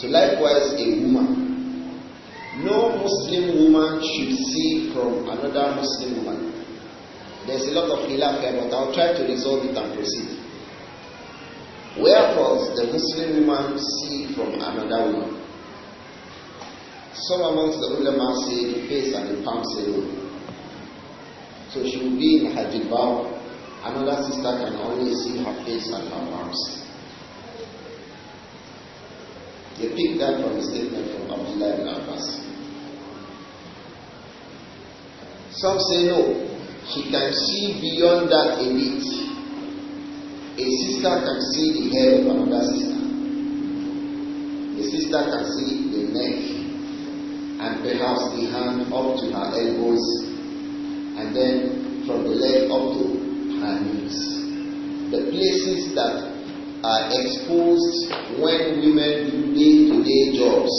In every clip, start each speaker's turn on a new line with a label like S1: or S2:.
S1: So likewise, a woman. No Muslim woman should see from another Muslim woman. There's a lot of hilaf here, but I'll try to resolve it and proceed. Where does the Muslim woman see from another woman? Some amongst the ulama say the face and the palms alone. So she will be in her jilbab. Another sister can only see her face and her palms. They picked that from a statement from Abdullah ibn Abbas. Some say no, she can see beyond that a bit. A sister can see the head of another sister. A sister can see the neck and perhaps the hand up to her elbows and then from the leg up to her knees. The places that are exposed when women do day to day jobs.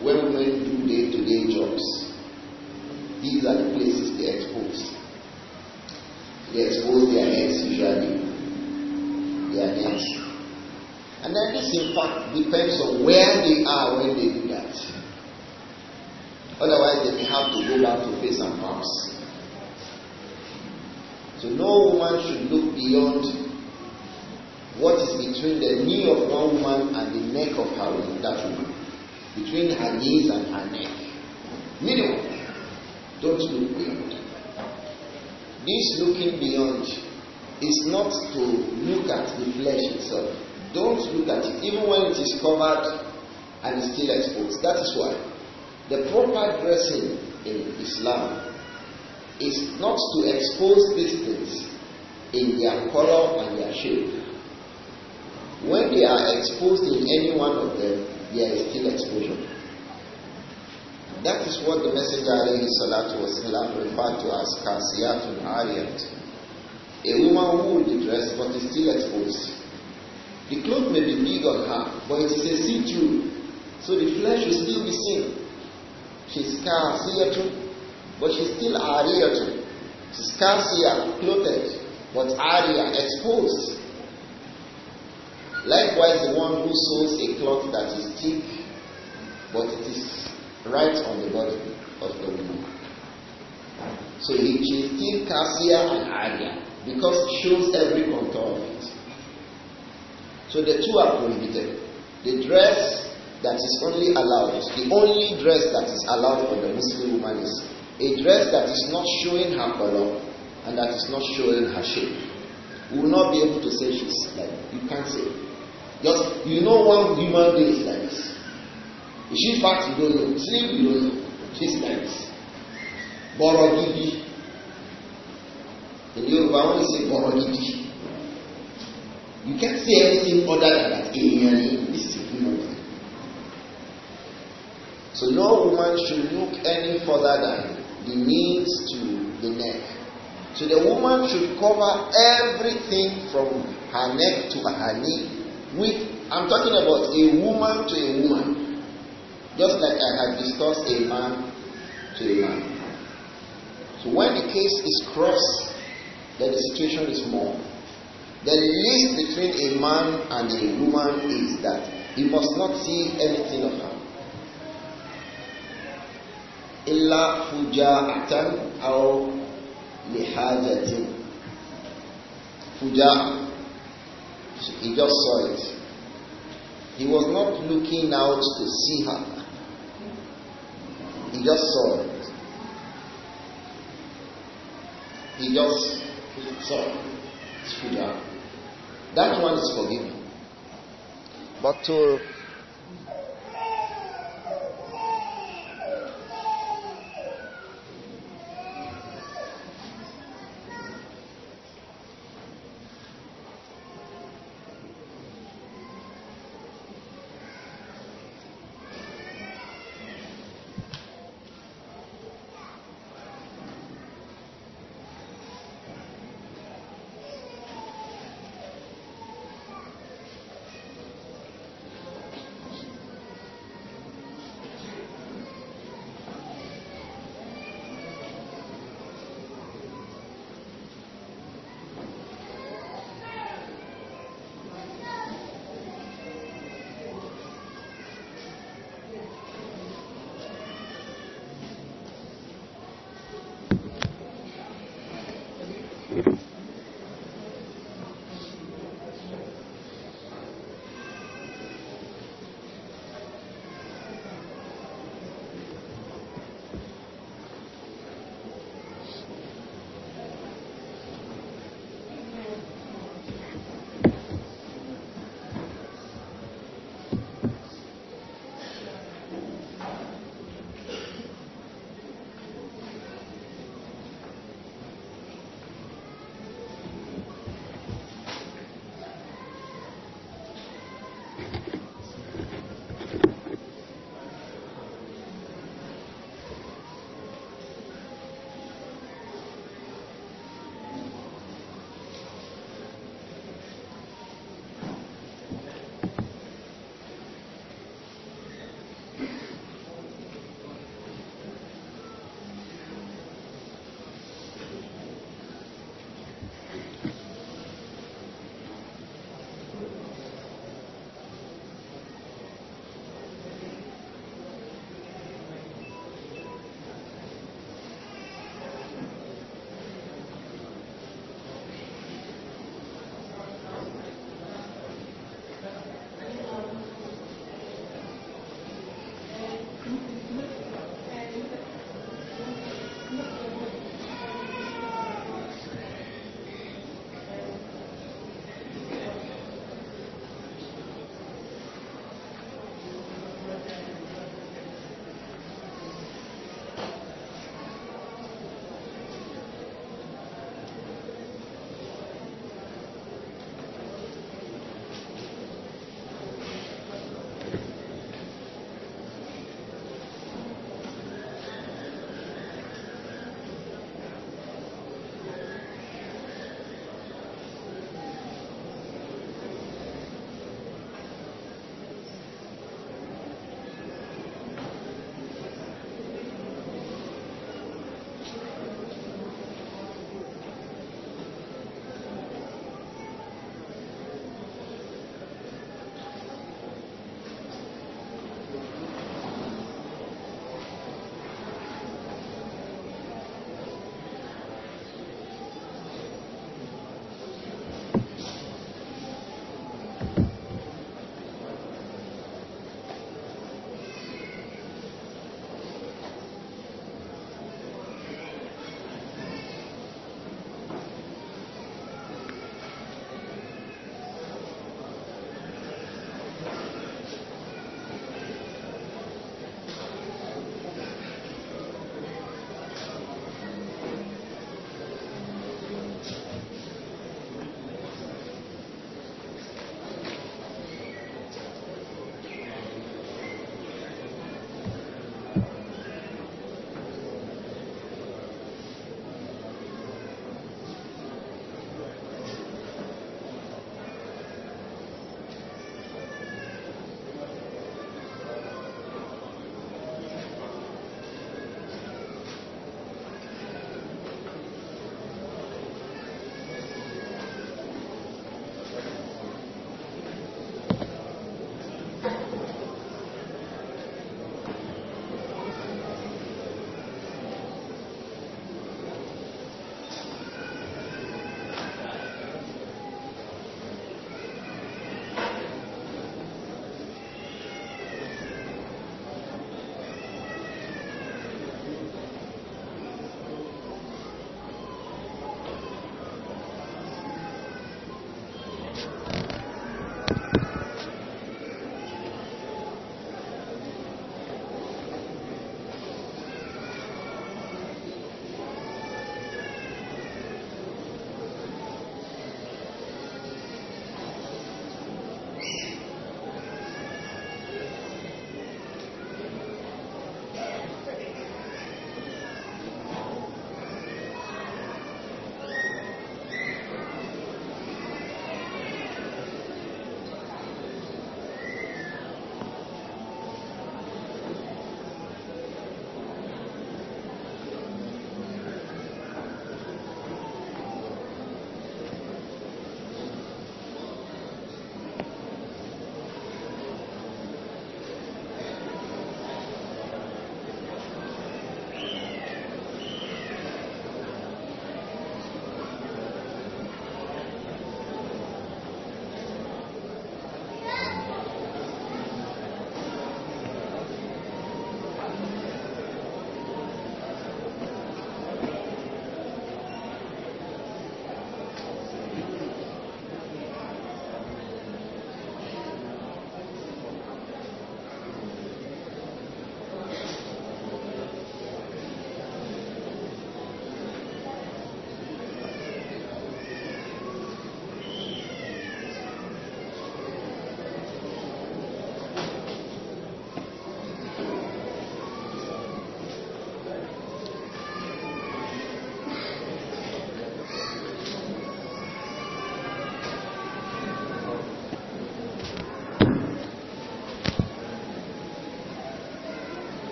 S1: When women do day to day jobs, these are the places they expose. They expose their heads usually, their heads, And then this, in fact, depends on where they are when they do that. Otherwise, they may have to go back to face and palms. So, no woman should look beyond what is between the knee of one woman and the neck of her that woman. Between her knees and her neck. Minimum. Don't look beyond. This looking beyond is not to look at the flesh itself. Don't look at it, even when it is covered and is still exposed. That is why the proper dressing in Islam is not to expose these things in their color and their shape. When they are exposed in any one of them, there is still exposure. That is what the Messenger alayhi was wasalam referred to as kasiyatul ariyat. A woman who will dressed but is still exposed. The cloth may be big on her, but it is a see-through, so the flesh will still be seen. She's kasiyatul, but she's still ariyatul. She's kasiyah, clothed, but ariya, exposed. Likewise, the one who sews a cloth that is thick, but it is right on the body of the woman. So he is still cassia and aria because it shows every contour of it. So the two are prohibited. The dress that is only allowed, the only dress that is allowed for the Muslim woman is a dress that is not showing her color and that is not showing her shape. We will not be able to say she's like, you can't say. Just you know one human being is like this. Is she fat? You don't know. Slim? You don't know. She's like this. Bọ̀rọ̀ gidi. In Yoruba, wọ́n say bọ̀rọ̀ gidi. You can't see anything other than that. Èèyàn this is a human being. So no woman should look any further than the knees to the neck. So the woman should cover everything from her neck to her knee With, I'm talking about a woman to a woman, just like I had discussed a man to a man. So when the case is crossed, then the situation is more. The least between a man and a woman is that he must not see anything of her. إلا فجاءة أو لحاجة فجاءة he just saw it. He was not looking out to see her. He just saw it. He just saw it. That one is forgiven. But to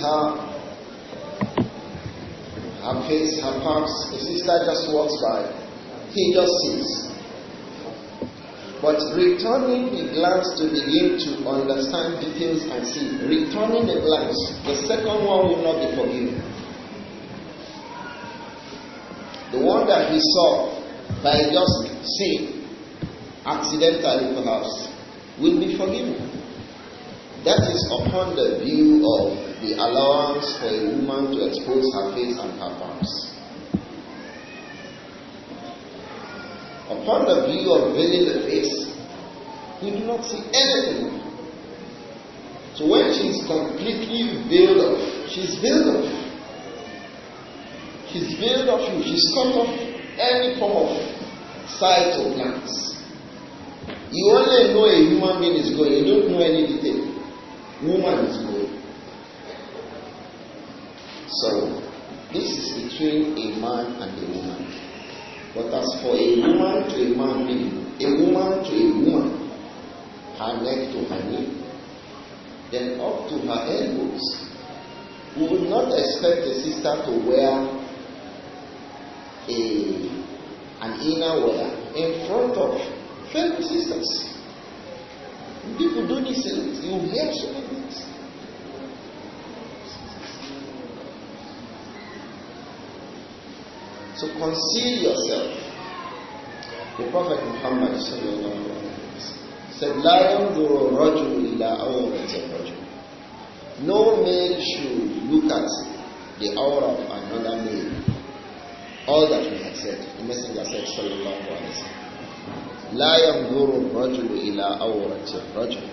S1: her her face, her palms. The sister just walks by. He just sees. But returning the glance to begin to understand details and see. Returning the glance, the second one will not be forgiven. The one that he saw by just seeing, accidentally perhaps, will be forgiven. That is upon the view of the allowance for a woman to expose her face and her palms. Upon the view of veiling the face, we do not see anything. So when she is completely veiled off, she's veiled off. She's veiled off you, she's cut off any form of sight or glance. You only know a human being is going, you don't know any detail. Woman is going. So This is between a man and a woman. But as for a woman to a man being, a woman to a woman, her neck to her knee, then up to her elbows, we would not expect a sister to wear a, an inner wear in front of fellow sisters. People do this, you hear so many So conceal yourself. The Prophet Muhammad said, لا ينظر الرجل إلى الرجل. No male should look at the aura of another male. All that we have said, the Messenger said, sallallahu alayhi wa لا ينظر الرجل إلى عورة الرجل.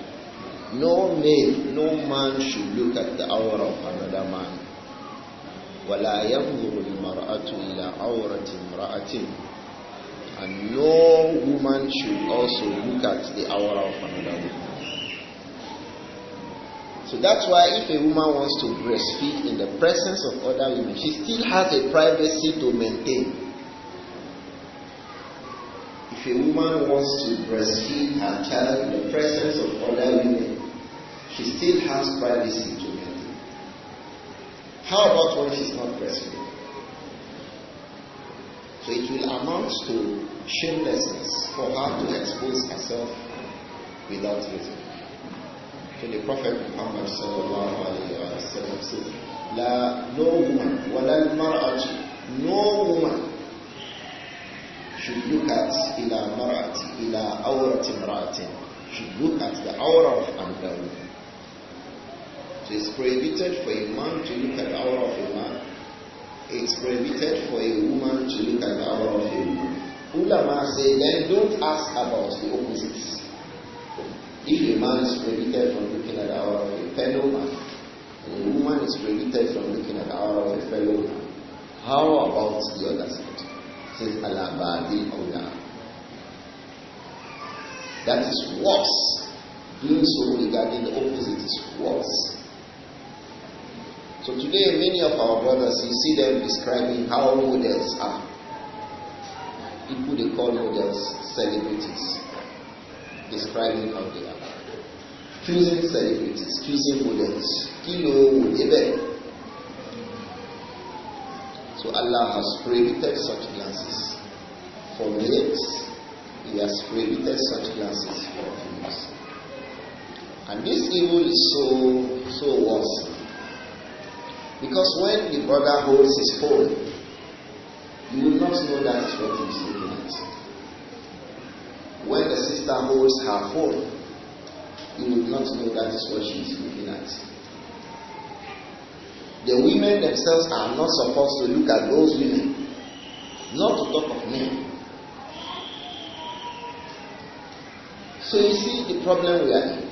S1: No male, no man should look at the aura of another man. ولا ينظر المرأة إلى عورة امرأة and no woman should also look at the aura of another woman. So that's why if a woman wants to breastfeed in the presence of other women, she still has a privacy to maintain. If a woman wants to breastfeed her child in the presence of other women, she still has privacy to maintain. How about when he not breastfeeding? So it will amount to shamelessness for her to expose herself without reason. So the Prophet Muhammad sallallahu alayhi wa sallam says, La, no woman, wala mar'ati, no woman should look at ila mar'ati, ila awrati mar'atin, should look at the aura of another woman it's prohibited for a man to look at the aura of a man. It's prohibited for a woman to look at the aura of a woman. Ulama say then don't ask about the opposites. If a man is prohibited from looking at the aura of a fellow man, and a woman is prohibited from looking at the aura of a fellow man, how about the other side? Says Alabadi Ola. That is worse. Doing so regarding the opposite is worse. So today, many of our brothers, you see them describing how models are. People they call models celebrities, describing how they are. Choosing celebrities, choosing models. Kilo So Allah has prohibited such glances. For males, He has prohibited such glances for females. And this evil is so, so worse because when the brother holds his phone, you will not know that is what he is looking at. When the sister holds her phone, you will not know that is what she is looking at. The women themselves are not supposed to look at those women, not to talk of men. So you see the problem we are in.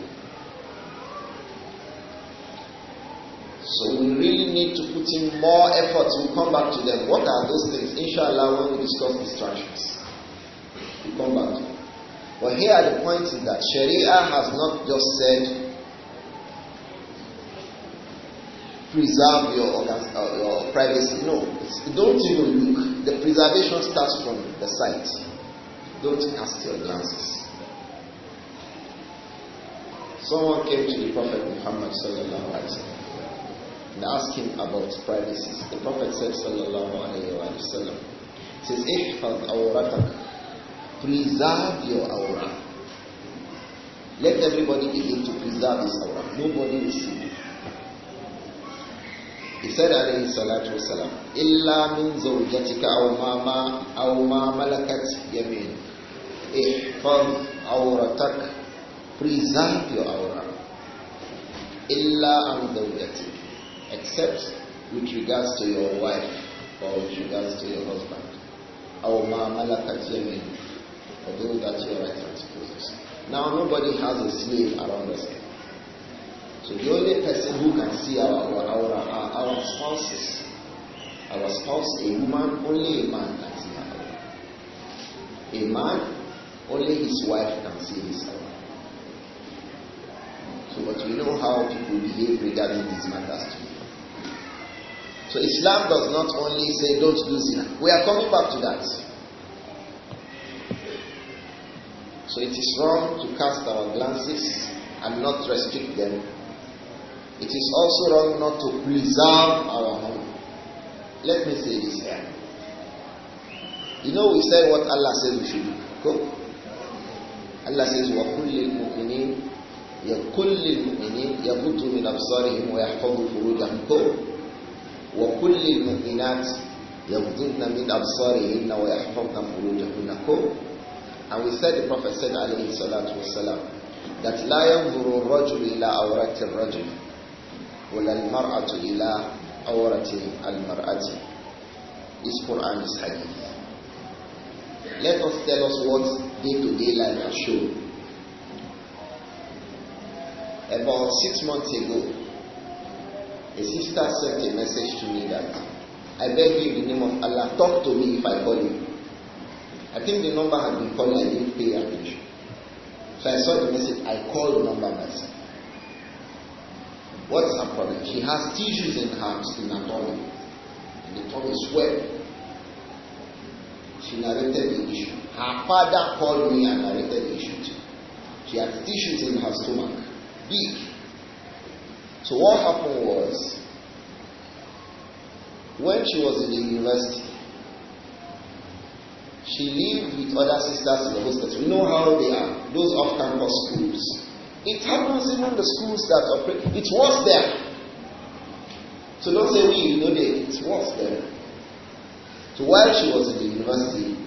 S1: So we really need to put in more effort. We'll come back to them. What are those things? Inshallah, when we discuss distractions, we'll come back to them. But here the point is that Sharia has not just said preserve your, organs, uh, your privacy. No, don't even look. The preservation starts from the sight. Don't cast your glances. Someone came to the Prophet Muhammad sallallahu alaihi wasallam and ask him about privacy. The Prophet said, Sallallahu Alaihi Wasallam, says, Ihfaz awratak, preserve your aura. Let everybody begin to preserve his aura. Nobody will see you. He said, alayhi salatu wasalam, Illa min zawjatika aw mama aw ma malakat yamin. Ihfaz awratak, preserve your aura. Illa an zawjatika except with regards to your wife or with regards to your husband. Our malakat yamin, or those that your right hand possesses. Now nobody has a slave around us. So the only person who can see our our our, our spouses, our spouse, a woman, only a man can see her. A man, only his wife can see his wife. So, but we know how people behave regarding these matters too. So Islam does not only say don't do zina. We are coming back to that. So it is wrong to cast our glances and not restrict them. It is also wrong not to preserve our home. Let me say this here. You know we said what Allah says we should do. Go. Allah says, وَقُلْ لِلْمُؤْمِنِينَ يَقُلْ لِلْمُؤْمِنِينَ يَقُتُوا مِنْ أَبْصَارِهِمْ وَيَحْفَظُوا فُرُوجَهُمْ Go. وكل المؤمنات يغضن من أبصارهن ويحفظن فروجهن كم And we said the Prophet said عليه الصلاة والسلام that لا ينظر الرجل إلى عورة الرجل ولا المرأة إلى عورة المرأة This Quran is hadith. Let us tell us what day to -day life has shown. About six months ago, A sister sent a message to me that I beg you in the name of Allah, talk to me if I call you. I think the number had been called, I didn't pay attention. So I saw the message, I called the number myself. What's her problem? She has tissues in her in her tummy. And the tummy is wet. She narrated the issue. Her father called me and narrated the issue too. She has tissues in her stomach. Big. So what happened was, when she was in the university, she lived with other sisters in the hostel. We know how they are, those off campus schools. It happens even the schools that operate, it was there. So don't say we, you know that it was there. So while she was in the university,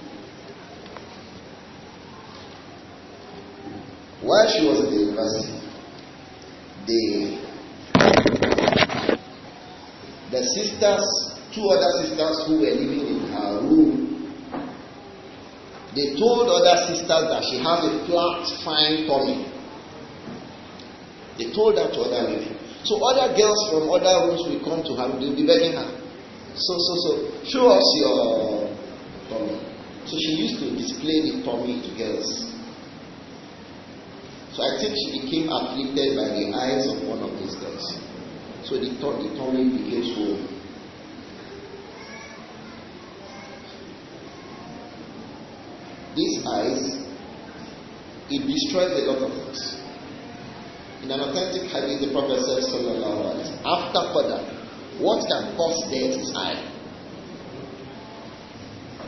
S1: while she was in the university, they the sisters, two other sisters who were living in her room, they told other sisters that she has a flat, fine tummy. They told that to other women. So other girls from other rooms will come to her, they'll be begging her. So, so, so, show us your tummy. So she used to display the tummy to girls. So I think she became afflicted by the eyes of one of these girls. So the thought determining became home. These eyes, it destroys a lot of things. In an authentic hadith, the Prophet says, Sallallahu Alaihi wasallam." after Qadr, what can cause death is eye.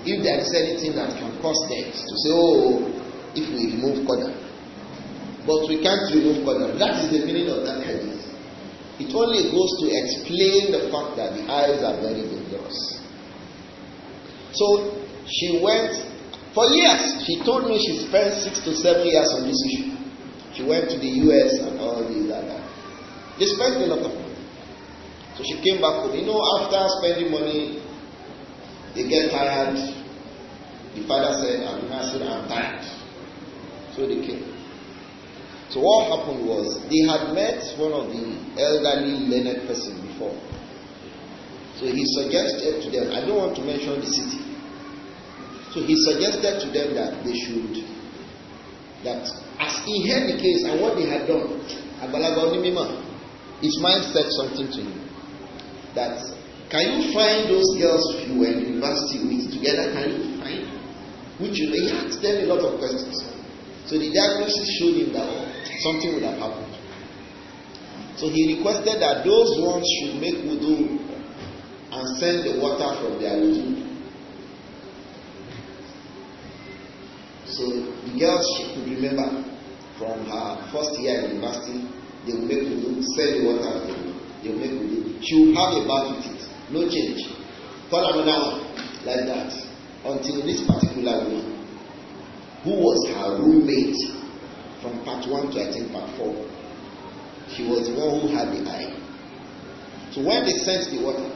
S1: If there is anything that can cause death, to say, oh, if we remove Qadr. But we can't remove Qadr. That is the meaning of that hadith. It only goes to explain the fact that the eyes are very dangerous. So she went for years. She told me she spent six to seven years on this issue. She went to the US and all these other. They spent a lot of money. So she came back home. You know, after spending money, they get tired. The father said, Abuna said, I'm tired. So they came. So what happened was they had met one of the elderly learned person before. So he suggested to them, I don't want to mention the city. So he suggested to them that they should, that as he heard the case and what they had done, his mind said something to him. That, can you find those girls you were in university with together? Can you find? Which you, he asked them a lot of questions. So the diagnosis showed him that something would have happened. So he requested that those ones should make wudu and send the water from their wudu. So the girls she could remember from her first year in university, they will make wudu, send the water from, They will make wudu. She will have a bath with it, no change. For another one like that until this particular woman, who was her roommate Part 1 to I think Part four. He was the one who had the eye. So when they sent the water,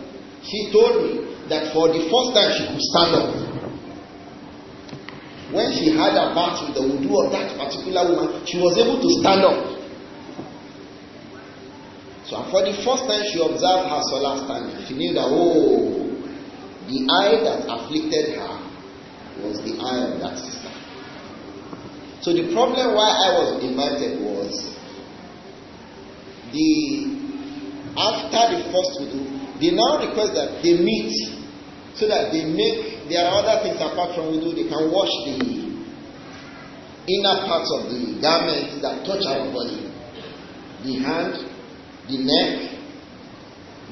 S1: she told me that for the first time she could stand up. When she had a bath with the wudu of that particular woman, she was able to stand up. So for the first time she observed her solar standing, she knew that, oh, the eye that afflicted her was the eye of that So the problem why I was invited was the after the first wudu, they now request that they meet so that they make there are other things apart from wudu. They can wash the inner parts of the garment that touch our body, the hand, the neck,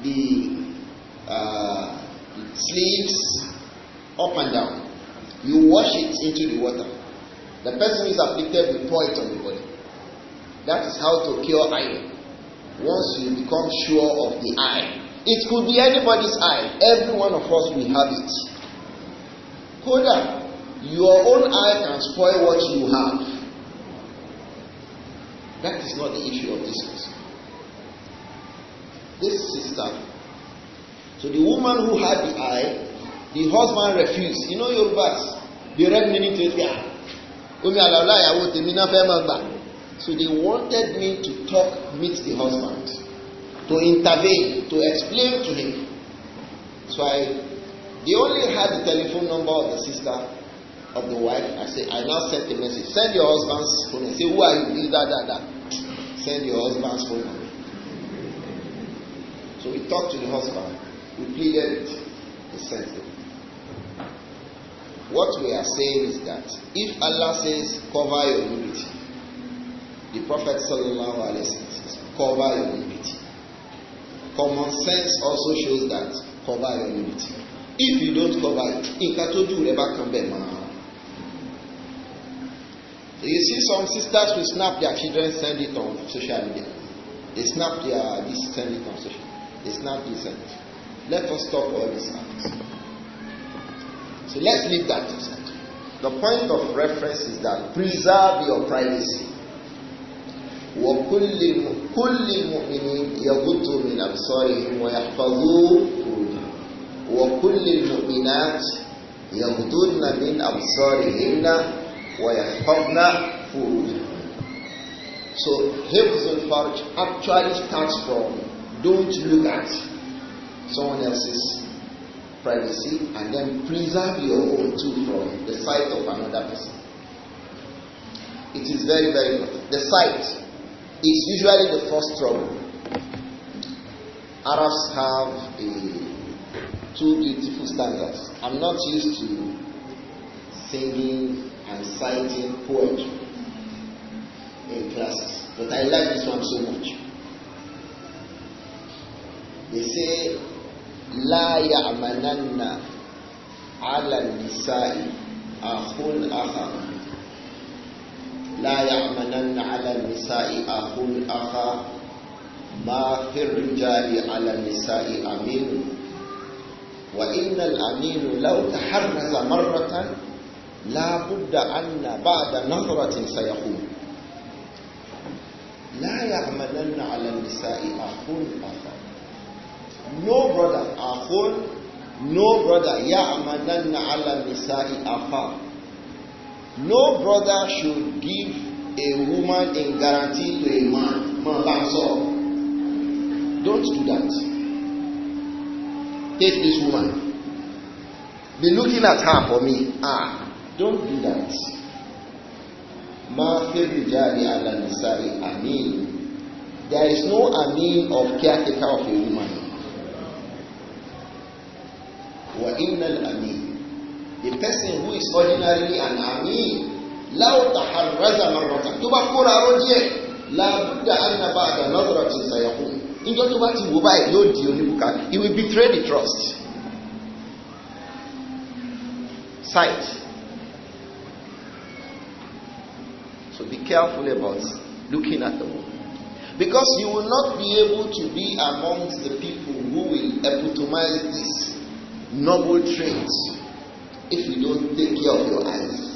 S1: the, uh, the sleeves, up and down. You wash it into the water. The person is afflicted with pour it on the body. That is how to cure eye. Once you become sure of the eye, it could be anybody's eye. Every one of us will have it. Koda, your own eye can spoil what you have. That is not the issue of this person. This sister. So the woman who had the eye, the husband refused. You know your verse. The They read many times omi àlàlá ìyàwó tèmi náà fẹ́ máa gbà so they wanted me to talk meet the husband to intervene to explain to him so I they only had the telephone number of the sister of the wife I say I now send a message send your husband's phone say who are you this that that that send your husband's phone number so we talked to the husband we pleaded it he sent it What we are saying is that if Allah says, cover your nudity, the Prophet sallallahu alaihi wasallam says, cover your nudity. Common sense also shows that cover your nudity. If you don't cover it, nǹkan tó dùn rẹ̀ kan bẹ̀ máa. You see some sisters will snap their children send it on social media. They snap their this send it on social. They snap this send it. Let us stop all this. acts. So let's leave that aside. The point of reference is that preserve your privacy. وكل كل مؤمن يغض من أبصارهم ويحفظوا فروجهم وكل المؤمنات يغضن من أبصارهن ويحفظن فروجهن So حفظ الفرج actually starts from don't look at someone else's privacy and then preserve your own too from the sight of another person. It is very, very important. The sight is usually the first trouble. Arabs have a, two beautiful standards. I'm not used to singing and citing poetry in classes, but I like this one so much. They say لا يعملن على النساء أخ أخا لا يعملن على النساء أخ أخا ما في الرجال على النساء أمين وإن الأمين لو تحرز مرة لا بد أن بعد نظرة سيقول لا يعملن على النساء أخ أخا no brother akhun, no brother ya ya'madanna ala nisa'i afa. No brother should give a woman in guarantee to a man. Man, Don't do that. Take this woman. Be looking at her for me. Ah, don't do that. Ma firijari ala nisa'i amin. There is no amin of caretaker of a woman wa innal amin. The person who is ordinarily an amin, law taharraza marratan. Tó bá kóra aró díẹ̀, làbúdà ànàbà àdà nọ́dọ̀rọ̀ ti sàyẹ̀kù. Níjọ́ tó bá ti wò báyìí yóò di oníbùkà. He will betray the trust. Sight. So be careful about looking at the moon. Because you will not be able to be amongst the people who will epitomize this noble traits if you don't take care of your eyes.